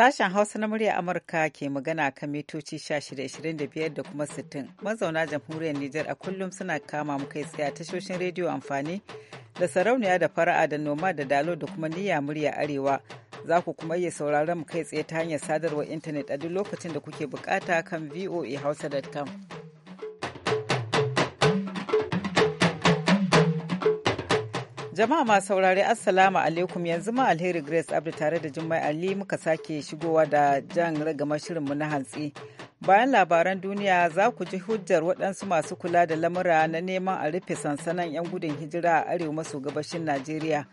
Sashen Hausa na murya Amurka ke magana kan mitoci 1625 da kuma 60. Mazauna jamhuriyar Nijar a kullum suna kama mu kai tsaye a tashoshin rediyo amfani da sarauniya da fara'a da noma da dalo da kuma niyya murya arewa. Za ku kuma iya sauraron mu kai tsaye ta hanyar sadarwar intanet a duk lokacin da kuke bukata kan voahausa.com. Jama'a masu saurari Assalamu alaikum yanzu ma alheri Grace Abdu tare da Jummai Ali muka sake shigowa da jan ragama shirinmu na hantsi. Bayan labaran duniya za ku ji hujjar waɗansu masu kula da lamura na neman a rufe sansanan 'yan gudun hijira a arewa maso gabashin Najeriya.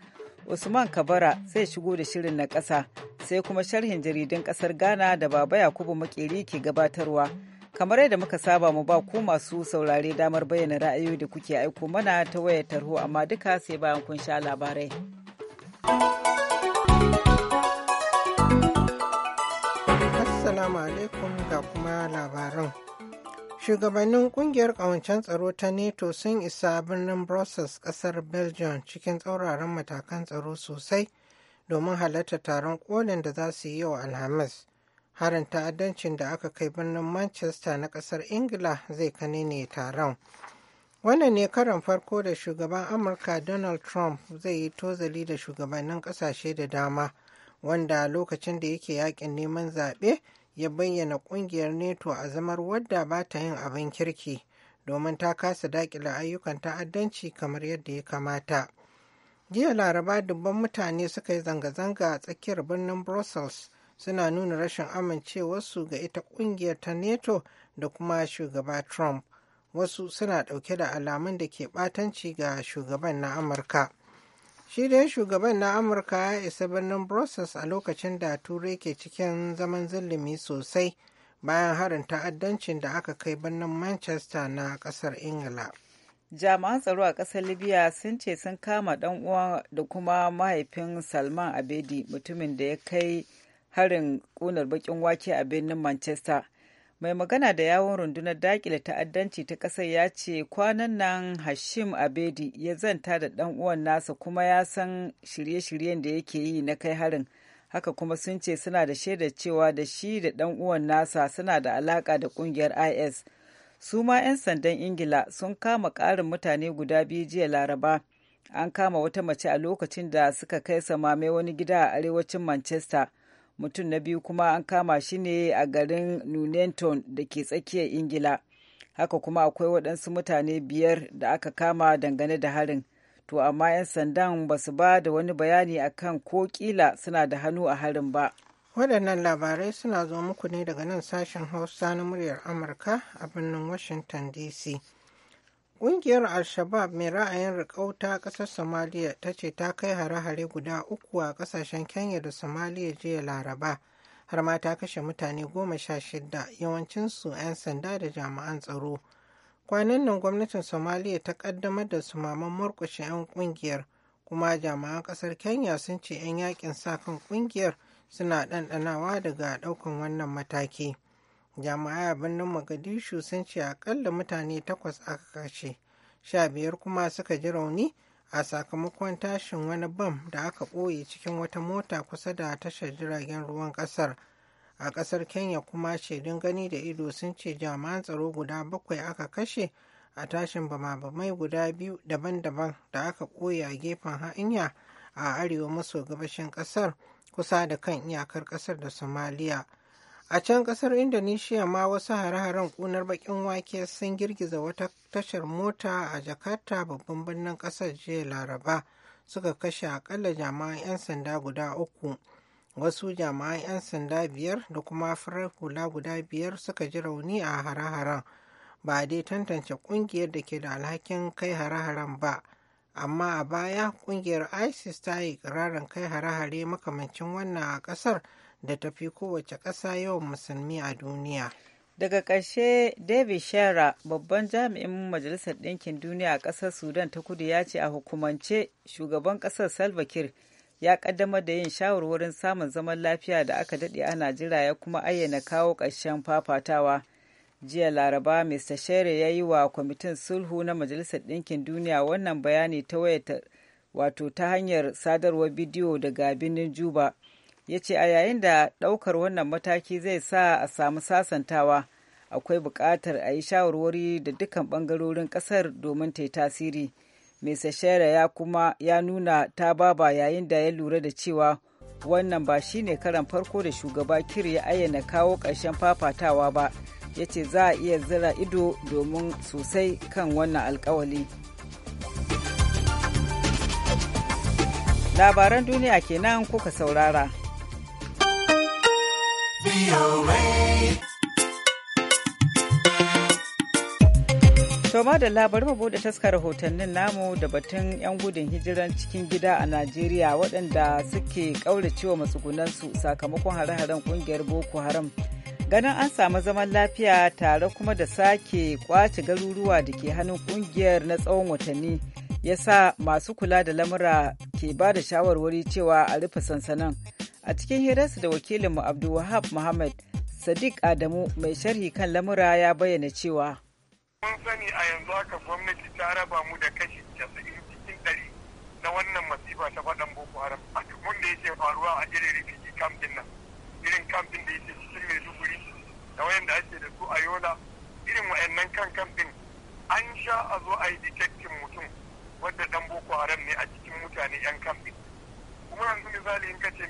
Usman Kabara zai shigo da shirin na ƙasa sai kuma sharhin jaridun ƙasar Ghana da Baba Yakubu Makeri ke gabatarwa. kamar yadda muka saba mu ba ku masu saurare damar bayyana ra'ayoyi da kuke aiko mana ta wayar tarho amma duka sai bayan kun sha labarai assalamu alaikum ga kuma labaran shugabannin kungiyar kawancen tsaro ta nato sun isa birnin brussels kasar belgium cikin tsauraran matakan tsaro sosai domin halarta taron kolin da za su yi yau alhamis harin ta'addancin da aka kai birnin manchester na kasar ingila zai kane ne taron wannan ne karon farko da shugaban amurka donald trump zai yi tozali da shugabannin kasashe da dama wanda lokacin da yake yakin neman zaɓe ya bayyana ƙungiyar neto a zamar wadda ba ta yin abin kirki domin ta kasa daƙila ayyukan ta'addanci kamar yadda ya kamata jiya laraba dubban mutane suka yi zanga-zanga a tsakiyar birnin brussels suna nuna rashin amincewarsu ga ita kungiyar ta NATO da kuma shugaba Trump. Wasu suna ɗauke da alamun da ke ɓatanci ga shugaban na Amurka. Shi dai shugaban na Amurka ya isa birnin Brussels a lokacin da Turai ke cikin zaman zulumi sosai bayan harin ta'addancin da aka kai birnin Manchester na ƙasar Ingila. jami'an tsaro a ƙasar libya sun ce sun kama dan uwa da kuma mahaifin salman abedi mutumin da ya kai harin kunar baƙin wake a birnin manchester mai magana da yawon rundunar dakile ta'addanci ta ƙasar ya ce kwanan nan hashim abedi ya zanta da ɗan uwan nasa kuma ya san shirye-shiryen da yake yi na kai harin haka kuma sun ce suna da shaidar cewa da shi da ɗan uwan nasa suna da alaka da ƙungiyar is su ma 'yan sandan ingila sun kama ƙarin mutane guda biyu jiya laraba an kama wata mace a lokacin da suka kai samame wani gida a arewacin manchester mutum na biyu kuma an kama shi ne a garin nunenton da ke tsakiyar ingila haka kuma akwai waɗansu mutane biyar da aka kama dangane da harin to amma 'yan sandan ba su ba da wani bayani akan ko ƙila suna da hannu a harin ba waɗannan labarai suna zo muku ne daga nan sashen hausa na muryar amurka a birnin washington dc Ƙungiyar Al-Shabaab mai ra'ayin riƙau ta ƙasar Somaliya ta ce ta kai hare-hare guda uku a ƙasashen Kenya da Somaliya jiya Laraba, har ma ta kashe mutane goma sha shida yawancinsu 'yan sanda da jami'an tsaro. Kwanan nan gwamnatin Somaliya ta ƙaddamar da sumaman murƙushe 'yan ƙungiyar, kuma jami'an ƙasar Kenya sun ce 'yan yaƙin sa kan ƙungiyar suna ɗanɗanawa daga ɗaukan wannan mataki. jama'ai a birnin magadishu sun ce akalla mutane takwas aka kashe sha biyar kuma suka ji rauni a sakamakon tashin wani bam da aka ɓoye cikin wata mota kusa da tashar jiragen ruwan ƙasar a ƙasar kenya kuma shaidun gani da ido sun ce jami'an tsaro guda bakwai aka kashe a tashin bama-bamai guda biyu daban-daban da aka ɓoye a gefen hanya a arewa maso gabashin ƙasar kusa da kan iyakar ƙasar da somaliya A can kasar Indonesia ma wasu hare-haren kunar bakin wake sun girgiza wata tashar mota a Jakarta babban birnin kasar jiya Laraba suka kashe akalla jama'an 'yan sanda guda uku. Wasu jama'an 'yan sanda biyar da kuma farar hula guda biyar suka ji rauni a hare-haren. Ba dai tantance kungiyar da ke da alhakin kai hare-haren ba. Amma a baya kungiyar ISIS ta yi kai hare-hare makamancin wannan a kasar. da tafi kowace ƙasa yawan musulmi a duniya. Daga ƙarshe David Shera babban jami'in Majalisar Ɗinkin Duniya a ƙasar Sudan ta kudu ya ce a hukumance shugaban ƙasar Salva ya ƙaddamar da yin shawarwarin samun zaman lafiya da aka daɗe ana jira ya kuma ayyana kawo ƙarshen fafatawa. jiya laraba mr shere ya yi wa kwamitin sulhu na majalisar ɗinkin duniya wannan bayani ta wato ta hanyar sadarwar bidiyo daga birnin juba ya ce a yayin da ɗaukar wannan mataki zai sa a samu sasantawa akwai buƙatar a yi shawarwari da dukkan bangarorin ƙasar domin ta yi tasiri mai sashera ya kuma ya nuna ta baba yayin da ya lura da cewa wannan ba shi ne karan farko da shugaba kir ya ayyana kawo ƙarshen fafatawa ba ya ce za a iya zira ido domin sosai kan wannan alkawali labaran duniya kenan kuka saurara Toma da labar mu bude taskar rahotannin namu da batun 'yan gudun hijiran cikin gida a Najeriya waɗanda suke ƙauracewa matsugunansu sakamakon hare-haren ƙungiyar Boko Haram. Ganin an samu zaman lafiya tare kuma da sake ƙwace garuruwa da ke hannun ƙungiyar na tsawon watanni ya sa masu kula da lamura ke ba da shawarwari cewa a rufe sansanin. a cikin hirarsa da wakilinmu abdulwahab muhammad sadiq adamu mai sharhi kan lamura ya bayyana cewa Mun sani a yanzu haka gwamnati ta raba mu da kashi casa'in cikin ɗari na wannan masifa ta faɗan boko haram a tukun da yake faruwa a irin rikici kamfin nan irin kamfin da yake cikin mai maiduguri da wayanda ake da su a yola irin wayannan kan kamfin an sha a zo a yi detektin mutum wadda ɗan boko haram ne a cikin mutane yan kamfin kuma yanzu misali in ka ce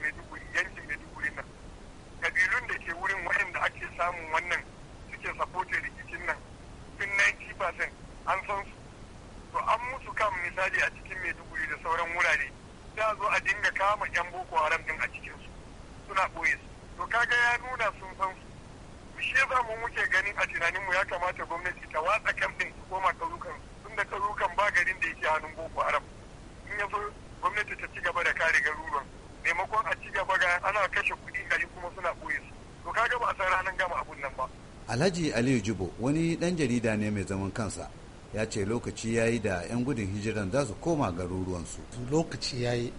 alhaji aliyu jibo wani dan jarida ne mai zaman kansa ya ce lokaci ya yi da 'yan gudun hijiran za su koma garuruwansu lokaci ya yi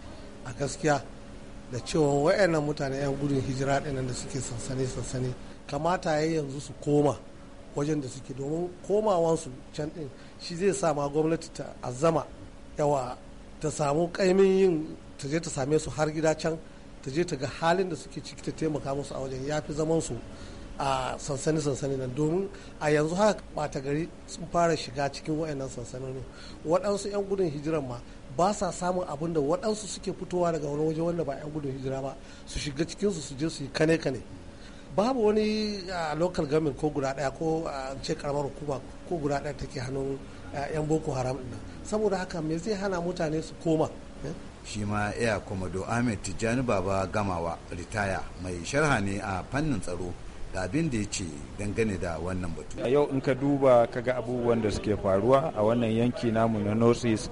a gaskiya da cewa wayannan mutane 'yan gudun hijira ɗinan da suke sansani sansani kamata ya yanzu su koma wajen da suke domin komawansu can din shi zai sa ma gwamnati ta azama yawa ta samu kaimin yin ta je ta same su har gida can ta je ta ga halin da suke ciki ta taimaka musu a wajen ya fi zaman su a sansani sansani nan domin a yanzu haka bata gari sun fara shiga cikin wayannan sansanoni waɗansu 'yan gudun hijiran ma ba sa samun abin da waɗansu suke fitowa daga wani waje wanda ba 'yan gudun hijira ba su shiga cikin su je su yi kane kane babu wani a local government ko guda ɗaya ko a ce karamar hukuma ko guda ɗaya take hannun 'yan boko haram ɗin saboda haka me zai hana mutane su koma eh? shi ma iya komodo ahmed tijjani baba gamawa ritaya mai sharha ne a fannin tsaro ga abin da ya ce dangane da wannan batu. A yau in ka duba ka ga abubuwan da suke faruwa a wannan yanki namu na North East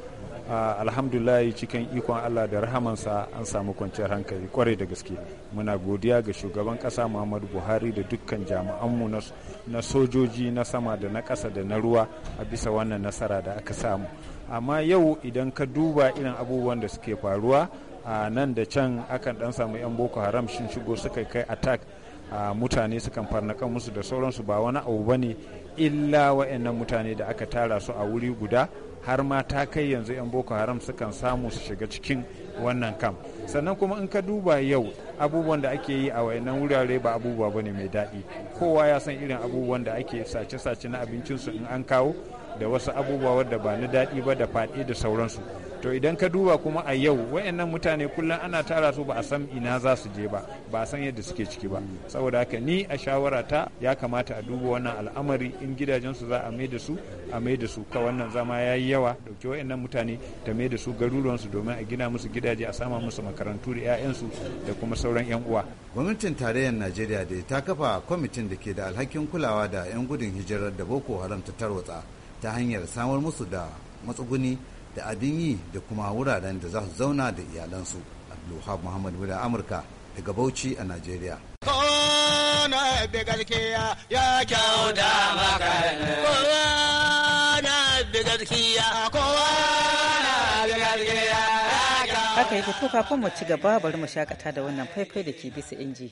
cikin ikon Allah da rahamansa an samu kwanciyar hankali kwarai da gaske muna godiya ga shugaban kasa Muhammadu Buhari da dukkan jami'anmu na sojoji na sama da na ƙasa da na ruwa a bisa wannan nasara da aka samu amma yau idan ka duba irin abubuwan da suke faruwa a nan da can akan dan samu 'yan boko haram sun shigo suka kai attack mutane sukan kan musu da sauransu ba wani abu ba ne illa wa'annan mutane da aka tara su a wuri guda har ma ta kai yanzu 'yan boko haram sukan samu su shiga cikin wannan kam sannan kuma in ka duba yau abubuwan da ake yi a wayannan wurare ba abubuwa bane mai daɗi kowa ya san irin abubuwan da ake sace-sace na abincinsu in an kawo da wasu abubuwa wadda ba na daɗi ba da faɗi da sauransu to idan ka duba kuma a yau wayannan mutane kullum ana tara su ba a san ina za su je ba ba a san yadda suke ciki ba saboda haka ni a shawara ta ya kamata a duba wannan al'amari in gidajen su za a mai da su a mai da su ka wannan zama ya yi yawa dauki wayannan mutane ta mai da su garuruwan su domin a gina musu gidaje a sama musu makarantu da 'ya'yansu da kuma sauran 'yan uwa gwamnatin tarayyar najeriya da ta kafa kwamitin da ke da alhakin kulawa da 'yan gudun hijirar da boko haram ta tarwatsa ta hanyar samar musu da matsuguni da abin yi da kuma wuraren da za su zauna da iyalansu abdulwahab muhammad a amurka daga bauchi a najeriya na bi haka kafin mu ci gaba bari mu shakata da wannan faifai da ke bisa inji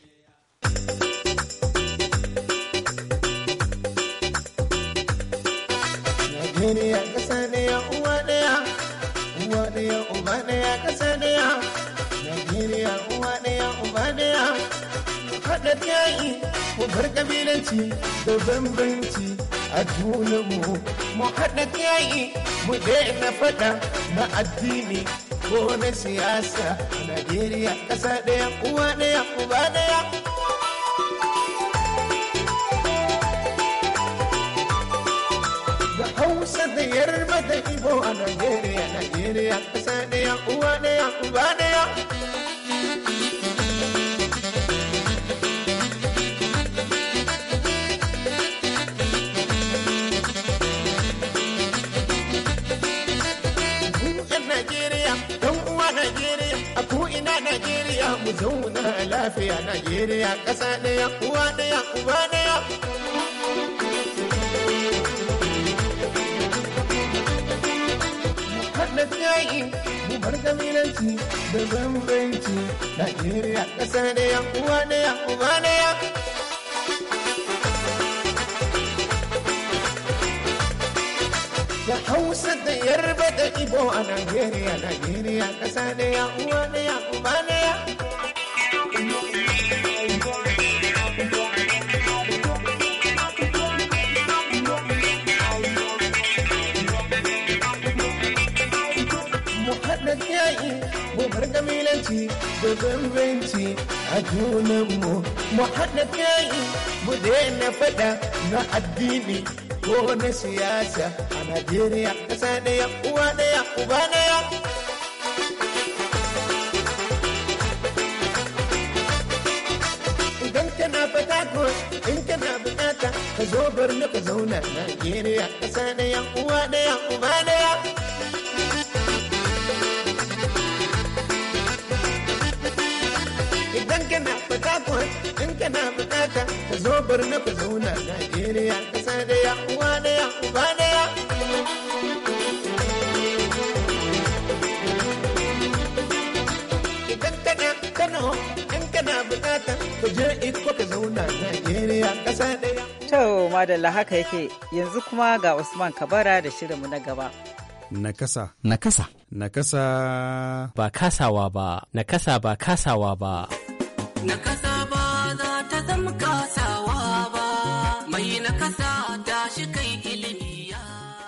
gaba daya haɗa yayi mu bar kabilanci da bambanci a junanmu mu haɗa yayi mu daina faɗa na addini ko na siyasa Najeriya ƙasa ɗaya uwa ɗaya uba ɗaya da Hausa da Yarba da Ibo a Najeriya Najeriya ƙasa ɗaya uwa ɗaya uba ɗaya zauna lafiya Najeriya ƙasa ɗaya uwa ɗaya uba ɗaya. Haɗa yayi mu bar kabilanci da bambanci Najeriya ƙasa ɗaya uwa ɗaya uba ɗaya. Da Hausa da Yarba da Ibo a Najeriya, Najeriya ƙasa ɗaya uwa ɗaya uba ɗaya. bambanci da bambanci a junanmu mu haɗa kai mu daina faɗa na addini ko na siyasa a Najeriya ƙasa ɗaya uwa ɗaya uba ɗaya. mata ka zo birni ka zauna Najeriya ƙasa ɗaya uwa ɗaya uba ɗaya. Idan kana fata in kana bukata ka zo birni ka zauna Najeriya ƙasa ɗaya uwa ɗaya uba ɗaya. Idan kana Kano in kana bukata ka je iko ka zauna Najeriya ƙasa ɗaya. To, madalla haka yake yanzu kuma ga Usman Kabara da shirinmu na gaba. Nakasa. Nakasa. Nakasa. Ba kasawa ba. Nakasa ba kasawa ba. Nakasa ba za ta zama kasa.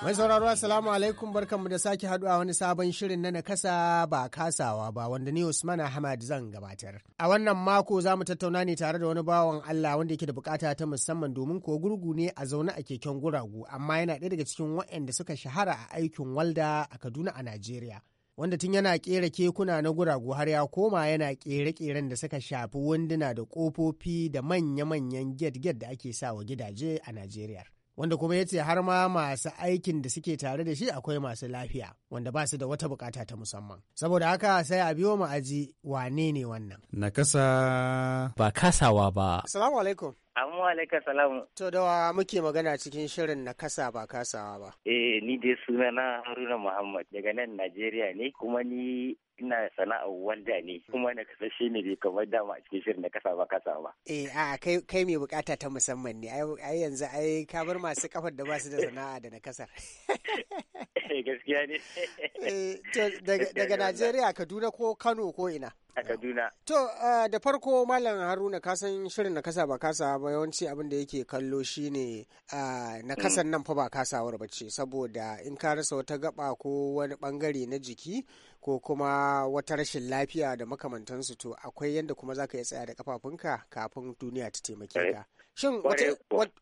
Mai sauraro Assalamu alaikum barkanmu da sake haduwa wani sabon shirin na nakasa ba kasawa ba wanda ni Usman Ahmad zan gabatar. A wannan mako za mu tattauna ne tare da wani bawan Allah wanda yake da bukata ta musamman domin ko gurgu ne a zaune a keken guragu amma yana ɗaya daga cikin waɗanda suka shahara a aikin walda a Kaduna a Najeriya. wanda tun yana ƙera kekuna na guragu har ya koma yana ƙere keren da suka shafi wunduna da ƙofofi da manya-manyan get-get da ake sawa gidaje a Najeriya. wanda kuma ya ce har ma masu aikin da suke tare da shi akwai masu lafiya wanda ba su da wata bukata ta musamman saboda haka sai a biyo mu aji wane ne wannan nakasa ba kasawa ba assalamu alaikum Amma alaikum salam. To dawa muke magana cikin shirin na kasa ba kasawa ba. Eh ni dai sunana na Haruna Muhammad daga nan Najeriya ne kuma ni ina sana'ar wanda ne kuma na kasa shi ne kamar dama a cikin shirin na kasa ba kasa ba. Eh a kai mai bukata ta musamman ne ai yanzu ai ka bar masu kafar da ba su da sana'a da na kasar. Eh, eh, gaskiya ne. Daga Najeriya Kaduna ko Kano ko ina. a Kaduna. To eh, da farko Malam Haruna ka san shirin na kasa ba kasa ba yawanci abin da yake kallo shine na kasan mm. nan fa ba kasawar bace saboda in ka rasa wata gaba ko wani bangare na jiki ko kuma wata rashin lafiya da makamantansu to akwai yadda kuma za ka iya tsaya da kafafunka kafin duniya ta taimake eh, ka. Shin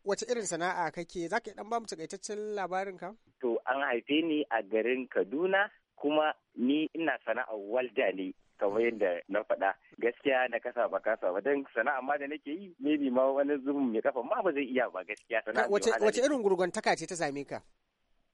wace irin sana'a kake za ka dan ba mu takaitaccen labarin ka? To an haife ni a garin Kaduna kuma ni ina sana'ar walda ne kamar yadda na faɗa gaskiya na kasa ba kasa ba don sana'a ma da nake yi ne ma wani zubin mai kafa ma ba zai iya ba gaskiya sana'a wace irin gurguntaka ce ta same ka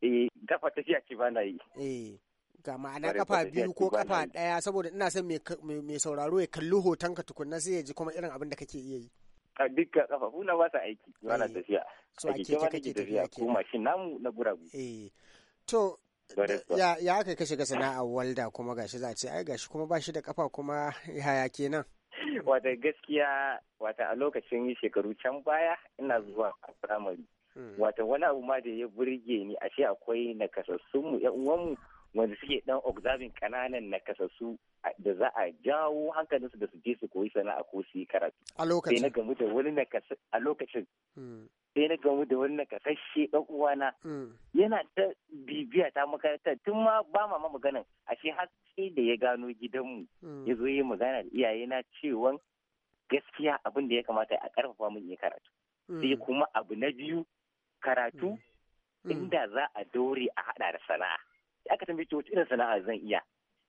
eh dafa tafiya ce ba na yi eh ga ma'ana kafa biyu ko kafa ɗaya saboda ina son mai sauraro ya kalli hoton ka tukunna sai ya ji kuma irin abin da kake iya yi a dukkan kafafu na ba sa aiki ba eh, tafiya so a keke kake tafiya ko mashin namu na guragu eh, to ya ya aka kashe ga sana'ar walda kuma gashi za a ce ai gashi kuma ba shi da kafa kuma yaya kenan wata gaskiya wata a lokacin shekaru can baya ina mm. zuwa firamare mm. wata wani abu ma da ya burge ni ashe akwai nakasassun mu yan uwanmu wanda suke dan observing kananan nakasassu da za a jawo hankalinsu da su je su koyi sana'a ko su yi karatu. A lokacin. Sai na gamu da wani hmm. nakasasshe a na nakasashe dan uwana. Hmm. Yana ta bibiya ta makaranta tun ma ba ma maganan ashe har sai da ya gano gidanmu. Hmm. Ya zo yi magana da iyaye na cewan gaskiya abin da ya kamata a karfafa mun yi karatu. Sai kuma abu na biyu karatu inda za a dore a hada da sana'a. aka tambaye ta wace irin sana'a zan iya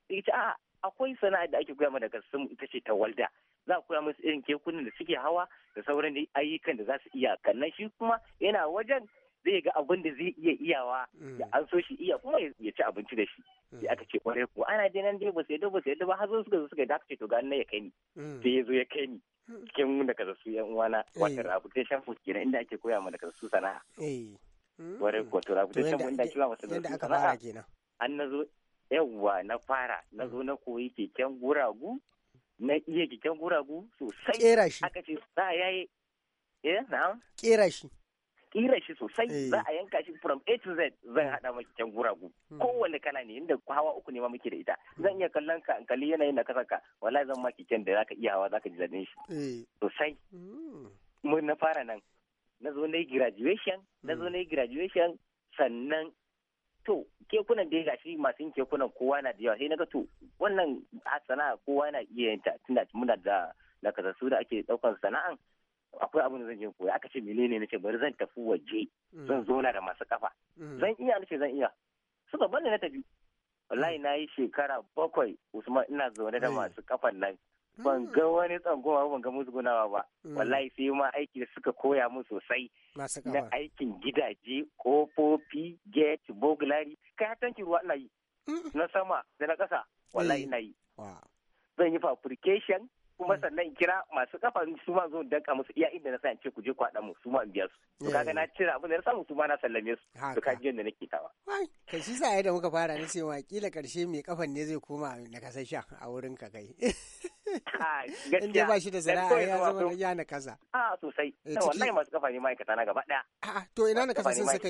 sai ita a akwai sana'a da ake koya mana daga sun ita ce ta walda za a koya musu irin kekunan da suke hawa da sauran ayyukan da za su iya kannan shi kuma yana wajen zai ga abin da zai iya iyawa mm. ya an so shi iya kuma ya ci abinci da shi mm. sai aka ce kwarai ko ana dai nan dai ba sai ba sai ba har zo suka zo suka da ce to ga nan ya kai ni mm. sai ya zo ya kai ni cikin da kaza su yan uwana eh. wato rabutation food kenan inda ake koya mana kaza su sana'a kwarai eh. ko to rabutation food inda ake koya su sana'a an na zo yawwa na fara na zo mm. na koyi keken guragu na iya keken guragu sosai kera shi aka ce za a yaye eh na kera shi kera shi sosai eh. za a yanka shi from A to Z zan mm. haɗa ma keken guragu mm. kowanne kana ne inda hawa uku ne ma muke da ita zan iya kallon ka in kalli yanayin na kasan ka wala zan ma keken da zaka iya hawa zaka ji daɗin shi eh. sosai mun na fara nan na zo na yi graduation na zo na yi graduation sannan to kekunan da ya gashi masu yin kekunan kowa na da yawa sai na ga to wannan sana'a kowa na iya yin ta tunda muna da nakasassu da ake daukan sana'an akwai abin da zan je koya aka ce menene nace bari zan tafi waje mm. zan zo na da masu kafa mm. zan iya nace zan iya suka bani na tafi wallahi mm. na yi shekara bakwai usman ina zaune da masu kafan nan Mm. ban ga wani tsangoma ban ga musu gunawa ba mm. wallahi sai ma aiki da suka koya mu sosai na aikin gidaje kofofi gate burglary kai har tankin ruwa ina yi mm. na sama da na ƙasa wallahi eh. ina yi zan yi fabrication kuma mm. sannan kira masu kafa su ma zo danka musu iya inda na san ce ku je ku haɗa mu su ma in biya su to kaga eh. na cira abin da na samu su ma na sallame su to ka ji yadda nake tawa kai shi sa yadda muka fara na cewa kila karshe mai kafan ne zai koma na kasashen a wurin ka kai in dai ba shi da sana'a ya zama ya na kaza a sosai eh, wallahi masu kafa ne ma'aikata na gaba daya to ina na sun suka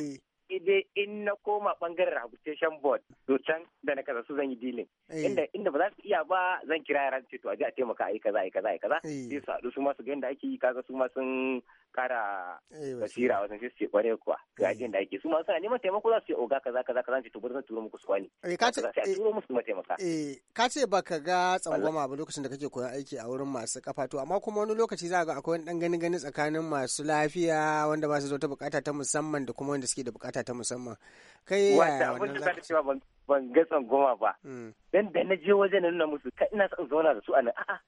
yi dai in na koma bangaren rehabilitation board to can da na kaza su zan yi dealing eh. inda inda ba za su iya ba zan kira yaran ce to a je a taimaka a yi kaza a yi kaza a yi kaza eh. sai su haɗu su ma su ga yadda ake yi kaga su ma sun kara eh, basira wasan shi ce kware kuwa ga eh. jin da ake su ma suna neman taimako za su ce oga kaza kaza kaza ce to bari zan turo muku su kwani eh, ka ce ba turo musu eh ka ce baka ga tsangwama ba lokacin da kake koyon aiki a wurin masu kafa to amma kuma wani lokaci za ga akwai wani dan gani gani tsakanin masu lafiya wanda ba su zo ta bukata ta musamman da kuma wanda suke da bukata ta musamman kai wanda abin da ban ban ga tsangwama ba hmm. dan da na je wajen na nuna musu kai ina son zauna da su a nan a'a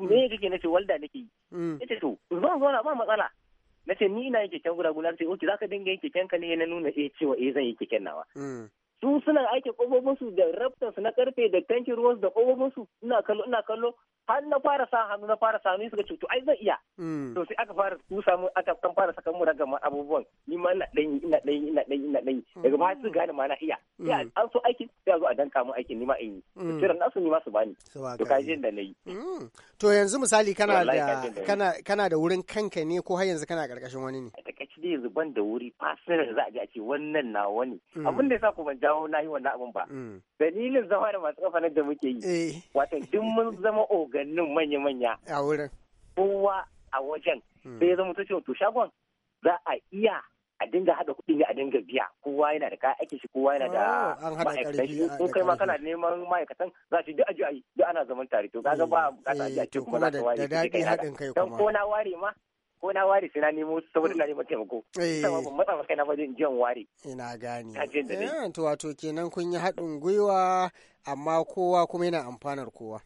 hmm. me kake nace walda nake yi hmm. yace to zan zauna ba matsala na ce ni na yi keken guda guda sai oke ka dinga yin keken ka ne na nuna eh cewa e zan yi keken nawa mm. su suna aike kofofinsu da raftarsu na karfe da tankin ruwan da kofofinsu ina kallo ina kallo har na fara sa hannu na fara sami suka ce to ai zan iya mm. to sai aka fara su samu aka kan fara saka mu daga abubuwan ni ma ina danyi ina danyi ina danyi ina danyi daga ma su gane ma na iya mm. an so aiki sai a zo a danka mu aikin ni ma in yi kiran mm. nasu ni ma su bani to ka da na yi to yanzu misali kana da kana kana da wurin kanka ne ko har yanzu kana karkashin wani ne a takaici dai yanzu ban da wuri fasirar za a je a ce wannan nawa ne abin da yasa ko ban ja dawo na yi wannan abin ba. Mm. Dalilin zama da masu kafa da muke yi. Eh. Wato duk mun zama ogannin manya-manya. A wurin. Kowa a wajen. Mm. Sai ya zama tushen to shagon za a iya a dinga haɗa kuɗi ne a dinga biya kowa yana da kayan aiki shi kowa yana da oh, ma'aikatan shi ko kai ma kana neman ma'aikatan za su duk aji duk ana zaman tare to kaga ba eh. bukata aji a ce eh, kuma za ka ware da daɗi haɗin kai kuma ko na ware ma ko na ware sai na nemo saboda na nemo taimako saboda eh. ban matsa maka na bajin jiyan ware ina gane eh, to wato kenan kun yi haɗin gwiwa amma kowa kuma yana amfanar kowa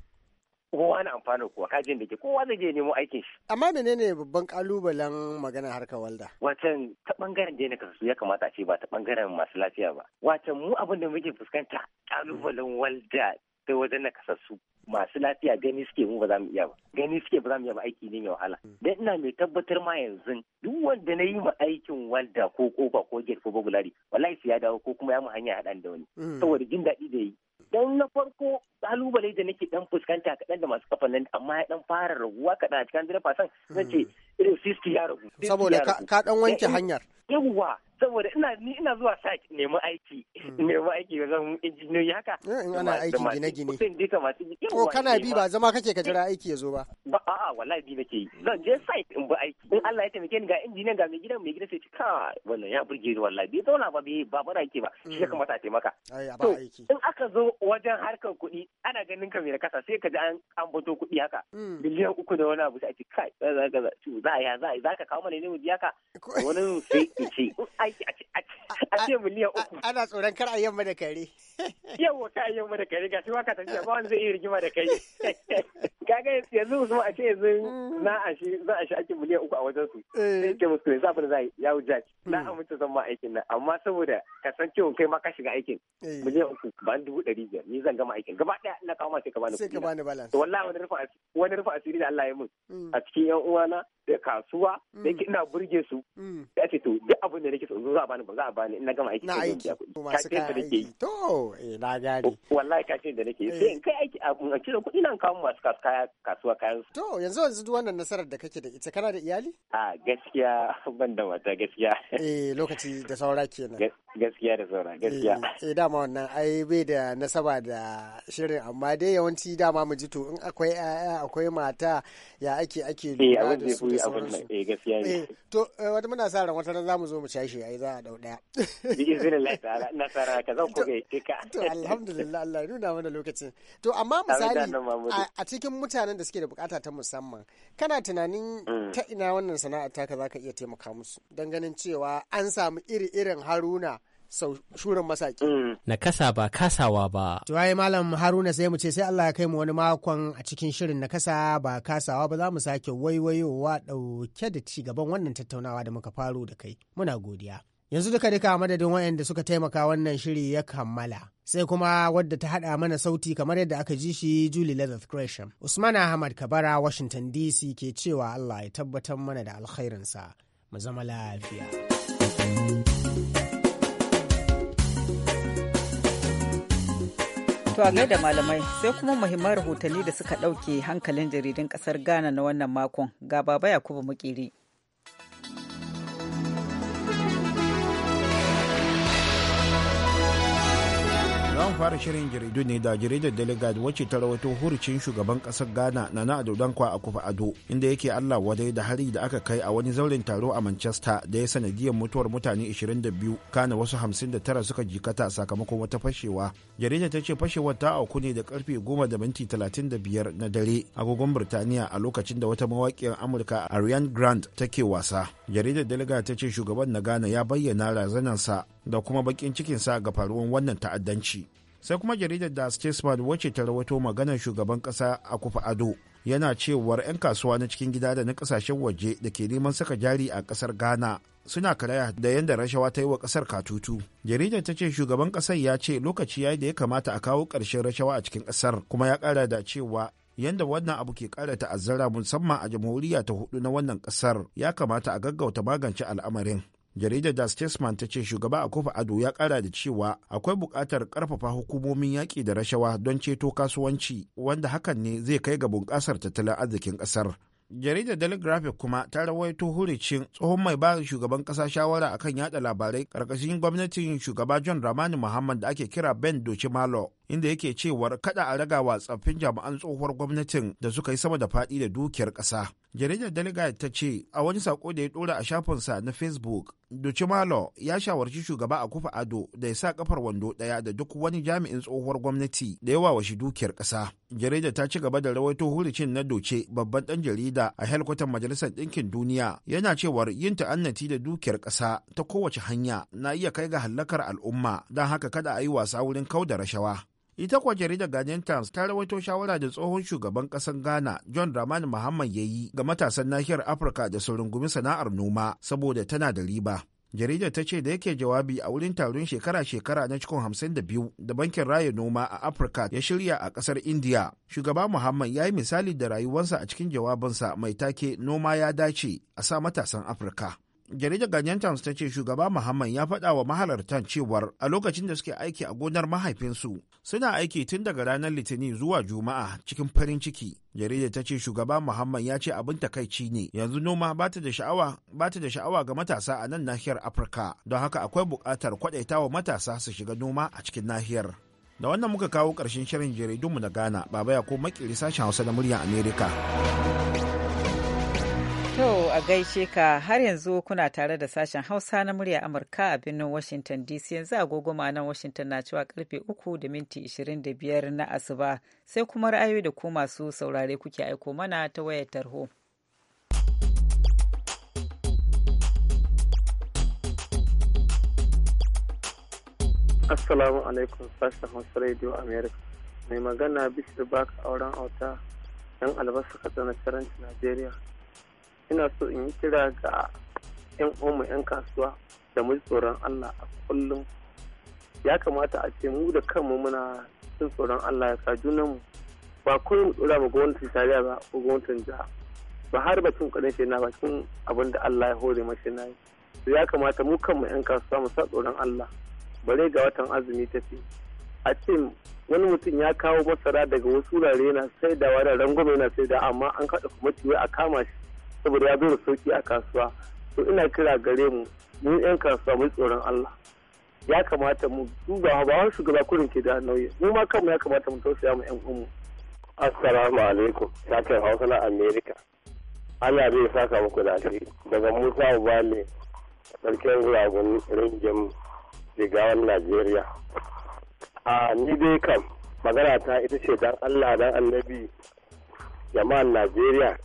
kowa na amfanar kowa kajin da ke kowa zai je nemo aikin shi. Amma menene babban kalubalen magana harkar walda? wacan ta bangaren da na kasu ya kamata a ce ba ta bangaren masu lafiya ba. wacan mu abin da muke fuskanta kalubalen walda da wajen na kasassu masu lafiya gani suke mu ba za mu iya ba gani suke ba za mu iya ba aiki ne mai wahala mm. dan ina mai tabbatar ma yanzu duk wanda na yi ma aikin walda ko kofa ko gate ko bagulari wallahi sai ya dawo ko kuma ya mu hanya haɗan da wani mm. saboda jin daɗi da yi dan na farko kalubale da nake dan fuskanta kaɗan da masu kafan nan amma ya dan fara raguwa kaɗan a cikin san zan ce mm. irin sisti ya ragu saboda ka dan wanke hanyar yawwa saboda ina ni ina zuwa site nemi aiki hmm. nemi aiki ga zan injiniyoyi haka eh, in ana aiki gine-gine sun duka masu to kana eh, bi ba zama kake ka jira aiki ya zo ba ba a'a wallahi bi nake yi zan je site in bi aiki in Allah ya taimake ni ga injiniyan ga mai gidan mai gidan sai ci ka wannan ya burge ni wallahi bi zauna ba bi ba ba aiki ba shi ya hmm. kamata a taimaka aiki. in aka zo wajen harkar kuɗi ana ganin ka mai da kasa sai ka ji an bato kuɗi haka hmm. miliyan uku da wani abu sai a ce kai za ka za yi za ka kawo mana ne mu biya ka wani sai ce aiki a ce miliyan uku. Ana tsoron kar a yamma da kare. Yau ka a yamma da kare ga shi waka ta ba wani zai iya rigima da kai. Kaga yanzu zuwa a ce yanzu na mm. a shi za a shi ake miliyan uku a wajen su. Eh. Sai ke musu ne zafin zai ya wuce na mm. amince zan ma aikin nan amma saboda ka san cewa kai ma ka shiga aikin eh. miliyan uku ba dubu ɗari biyar ni zan gama aikin gaba ɗaya na kawo ma sai ka bani. Sai ka bani balance. Wallahi wani rufe wani rufa asiri da Allah ya mun mm. a cikin 'yan uwana da kasuwa da ina burge su. Ya ce to duk abin da nake so yanzu za a bani ba za a bani ina na gama aiki na aiki masu kayan aiki to eh na gane wallahi kashin da nake sai eh. in kai aiki a cire kuɗi nan kawo masu kaya kasuwa kayan su to yanzu yanzu duk wannan nasarar da kake da ita kana da iyali a gaskiya ban da wata gaskiya eh lokaci da saura kenan gaskiya da saura gaskiya eh, eh dama wannan ai bai da nasaba da shirin amma dai yawanci dama mu ji to in akwai ƴaƴa akwai mata ya ake ake eh, lura da su da sauransu eh gaskiya ne to wata muna sa ran wata za mu zo mu cashe yayi za a dau daya bi ka zan ku to alhamdulillah Allah ya nuna mana lokacin to amma misali a cikin mutanen da suke da bukata ta musamman kana tunanin mm. ta ina wannan sana'a ka zaka iya taimaka musu dan ganin cewa an samu iri-irin Haruna sau shurin masaki. Mm. Na kasa ba kasawa ba. Tuwaye Malam Haruna sai mu ce sai Allah ya kai mu wani makon a cikin shirin na kasa ba kasawa ba za mu sake waiwayowa ɗauke da ci gaban wannan tattaunawa da muka faro da kai. Muna godiya. Yanzu duka duka madadin waɗanda suka taimaka wannan shiri ya kammala. Sai kuma wadda ta haɗa mana sauti kamar yadda aka ji shi Julie Leather Gresham. Usman Ahmad Kabara Washington DC ke cewa Allah ya tabbatar mana da alkhairinsa. Mu zama lafiya. thank you To da malamai sai kuma muhimman rahotanni da suka ɗauke hankalin jaridun ƙasar Ghana na wannan makon ga baba Yakubu Makeri. za mu fara shirin jaridu ne da jaridar delegate wacce ta rawaito hurucin shugaban kasar ghana na na ado dankwa a kufa ado inda yake allah wadai da hari da aka kai a wani zauren taro a manchester da ya sanadiyar mutuwar mutane 22 kana wasu 59 suka jikata sakamakon wata fashewa jaridar ta ce fashewar ta auku ne da karfe 10.35 na dare agogon birtaniya a lokacin da wata mawaƙiyar amurka ariane grant take wasa jaridar delegate ta ce shugaban na ghana ya bayyana razanarsa da kuma bakin cikinsa ga faruwan wannan ta'addanci sai kuma jaridar da statesman wacce ta rawato maganar shugaban kasa a kufa ado yana cewar 'yan kasuwa na cikin gida da na kasashen waje da ke neman saka jari a kasar ghana suna karaya da yadda rashawa ta yi wa kasar katutu jaridar ta ce shugaban kasar ya ce lokaci ya yi da ya kamata a kawo ƙarshen rashawa a cikin kasar kuma ya ƙara da cewa yadda wannan abu ke ƙara ta'azzara musamman a jamhuriya ta hudu na wannan kasar ya kamata a gaggauta magance al'amarin jaridar da statesman ta ce shugaba a kofa ado ya kara da cewa akwai buƙatar ƙarfafa hukumomin yaƙi da rashawa don ceto kasuwanci wanda hakan ne zai kai ga bunƙasar tattalin arzikin ƙasar jaridar telegraphic kuma ta rawaito huricin tsohon mai ba shugaban ƙasa shawara akan yada labarai ƙarƙashin gwamnatin shugaba john ramani muhammad da ake kira ben doce malo inda yake cewar kada a raga wa tsaffin jami'an tsohuwar gwamnatin da suka yi sama da faɗi da dukiyar ƙasa. Jaridar Delegate ta ce a wani sako da ya dora a shafinsa na Facebook, Duchimalo ya shawarci shugaba a kufa ado da ya sa kafar wando ɗaya da duk wani jami'in tsohuwar gwamnati da yawa wawashi dukiyar ƙasa. Jaridar ta ci gaba da rawaito hulicin na Doce babban ɗan jarida a helkwatan Majalisar Dinkin Duniya yana cewar yin ta'annati da dukiyar ƙasa ta kowace hanya na iya kai ga hallakar al'umma don haka kada a yi wasa wurin kau da rashawa. ita kuwa jaridar Ghanaian Times ta rawaito shawara da tsohon shugaban ƙasar Ghana John Dramani Mahamman ya yi ga matasan nahiyar Afirka da su rungumi sana'ar noma saboda tana da riba. Jaridar ta ce da yake jawabi a wurin taron shekara-shekara na cikin hamsin da biyu da bankin raya noma a Afirka ya shirya a ƙasar India. Shugaba Muhammad ya yi misali da rayuwarsa a cikin jawabinsa mai take noma ya dace a sa matasan Afirka. jaridar ganyen times ta ce shugaba muhammad ya faɗa wa mahalartan cewar a lokacin da suke aiki a gonar mahaifinsu suna aiki tun daga ranar litinin zuwa juma'a cikin farin ciki jarida ta ce shugaba muhammad ya ce abin takaici ne yanzu noma ba ta da sha'awa ba da sha'awa ga matasa a nan nahiyar afirka don haka akwai buƙatar kwaɗaita wa matasa su shiga noma a cikin nahiyar da wannan muka kawo ƙarshen shirin jaridunmu na ghana baba ya ko makiri sashen hausa na muryar amerika To a gaishe ka har yanzu kuna tare da sashen Hausa na murya Amurka a birnin Washington DC yanzu agogo nan Washington na cewa karfe 3 da minti 25 na asuba sai kuma ra'ayoyi da ku masu saurare kuke aiko mana ta wayar tarho. Assalamu alaikum sashen Hausa Radio America. Mai magana Bishir baka auren auta 'yan albasa katsina Najeriya. ina so in yi kira ga 'yan uwanmu 'yan kasuwa da mu tsoron Allah a kullum ya kamata a ce mu da kanmu muna cin tsoron Allah ya sa junanmu ba kawai mu tsora ma gwamnatin tarayya ba ko gwamnatin jiha ba har ba cin kudin shina ba cin abin da Allah ya hore mashi na yi ya kamata mu kanmu 'yan kasuwa mu sa tsoron Allah bare ga watan azumi tafi a ce wani mutum ya kawo masara daga wasu wurare na sai da wuraren gwamnati na sai da amma an kaɗa kuma ciwe a kama shi saboda ya zo da sauki a kasuwa to ina kira gare mu mu yan kasuwa mu tsoron Allah ya kamata mu duba ba wani shugaba kurin ke da nauyi mu ma kanmu ya kamata mu tausaya mu yan umu asalamu alaikum sakin hausa na america Allah zai saka muku da daga Musa ne sarkin ragon ringin Jigawan Najeriya. A ni dai kan magana ta ita ce dan Allah dan annabi jama'an Najeriya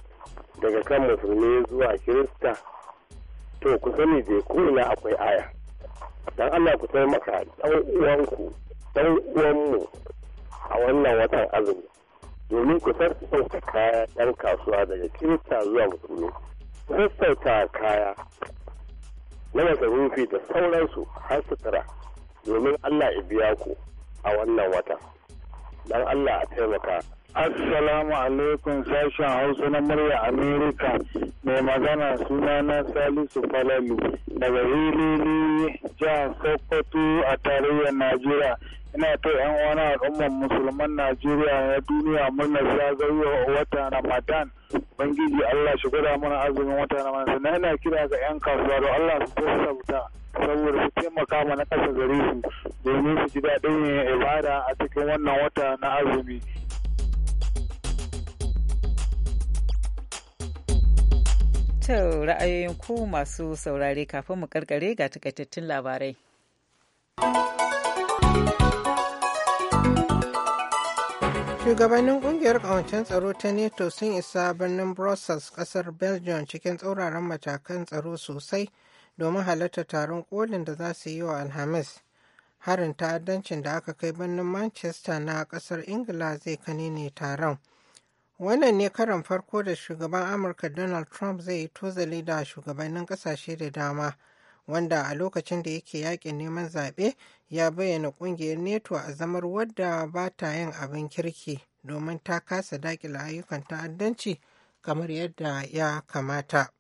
daga kan musulmi zuwa kirista to ku sani dai kuna akwai aya dan Allah ku taimaka dan uwanku dan uwanmu a wannan watan azumi domin ku sassauta kaya ɗan kasuwa daga kirista zuwa musulmi ku sassauta kaya na masarufi da sauransu har sutura domin Allah ya biya ku a wannan wata dan Allah a taimaka Assalamu alaikum sashen Hausa na murya Amerika mai magana suna na Salisu Falalu daga Hilili jihar Sokoto a tarayyar Najeriya. Ina ta yan wani al'ummar musulman Najeriya na duniya murnar zagayowar wata Ramadan. Ubangiji Allah shi gwada mana azumin wata Ramadan. Sannan ina kira ga 'yan kasuwa don Allah su sabuta. saboda su taimaka ma na ƙasa gare su domin su ji daɗin ibada a cikin wannan wata na azumi. bukatar ra'ayoyin ku masu saurare kafin mu karkare ga takaitattun labarai. Shugabannin kungiyar kawancen tsaro ta NATO sun isa birnin Brussels kasar Belgium cikin tsauraran matakan tsaro sosai domin halarta taron kolin da za su yi wa Alhamis. Harin ta'addancin da aka kai birnin Manchester na kasar Ingila zai kane ne taron. Wannan ne karan farko da shugaban Amurka Donald Trump zai yi tozali da shugabannin kasashe da dama, wanda a lokacin da yake yakin neman zaɓe ya bayyana ƙungiyar NATO a zamar wadda ba ta yin abin kirki domin ta kasa daƙila ayyukan ta'addanci kamar yadda ya kamata.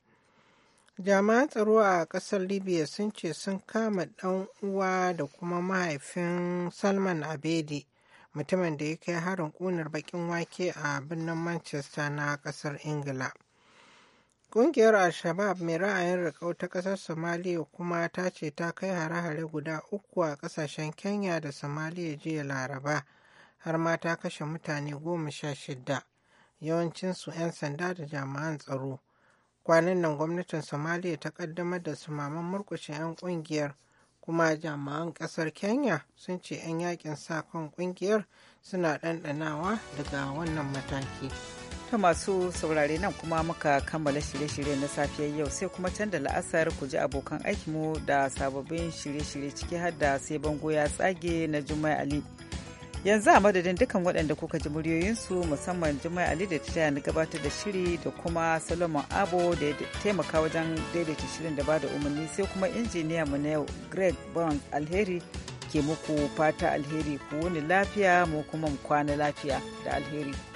Jami'an tsaro a ƙasar Libya sun ce sun kama ɗan uwa da kuma mahaifin Salman Abedi. mutumin da ya kai harin ƙunar bakin wake a birnin manchester na ƙasar ingila Ƙungiyar Al-Shabaab mai ra'ayin riƙau ta ƙasar Somaliya kuma ta ce ta kai hare-hare guda uku a ƙasashen Kenya da Somaliya jiya Laraba, har ma ta kashe mutane goma sha shida, yawancinsu 'yan sanda da jami'an tsaro. Kwanan nan gwamnatin Somaliya ta ƙaddamar da sumaman murkushin 'yan ƙungiyar kuma jami'an kasar kenya sun ce 'yan yakin sa kan kungiyar suna ɗanɗanawa daga wannan mataki ta masu saurare nan kuma muka kammala shirye-shirye na safiyar yau sai kuma can da la'asar ku ji abokan aikinmu da sababbin shirye-shirye ciki har da sai bango ya tsage na jummai ali yanzu a madadin dukkan waɗanda kuka ji muryoyinsu musamman jimai ali da ta na gabatar da shiri da kuma solomon abo da ya taimaka wajen daidaita shirin da ba da umarni sai kuma injiniya mu na yau greg brown alheri ke muku fata alheri ku wuni lafiya mu kuma mu kwana lafiya da alheri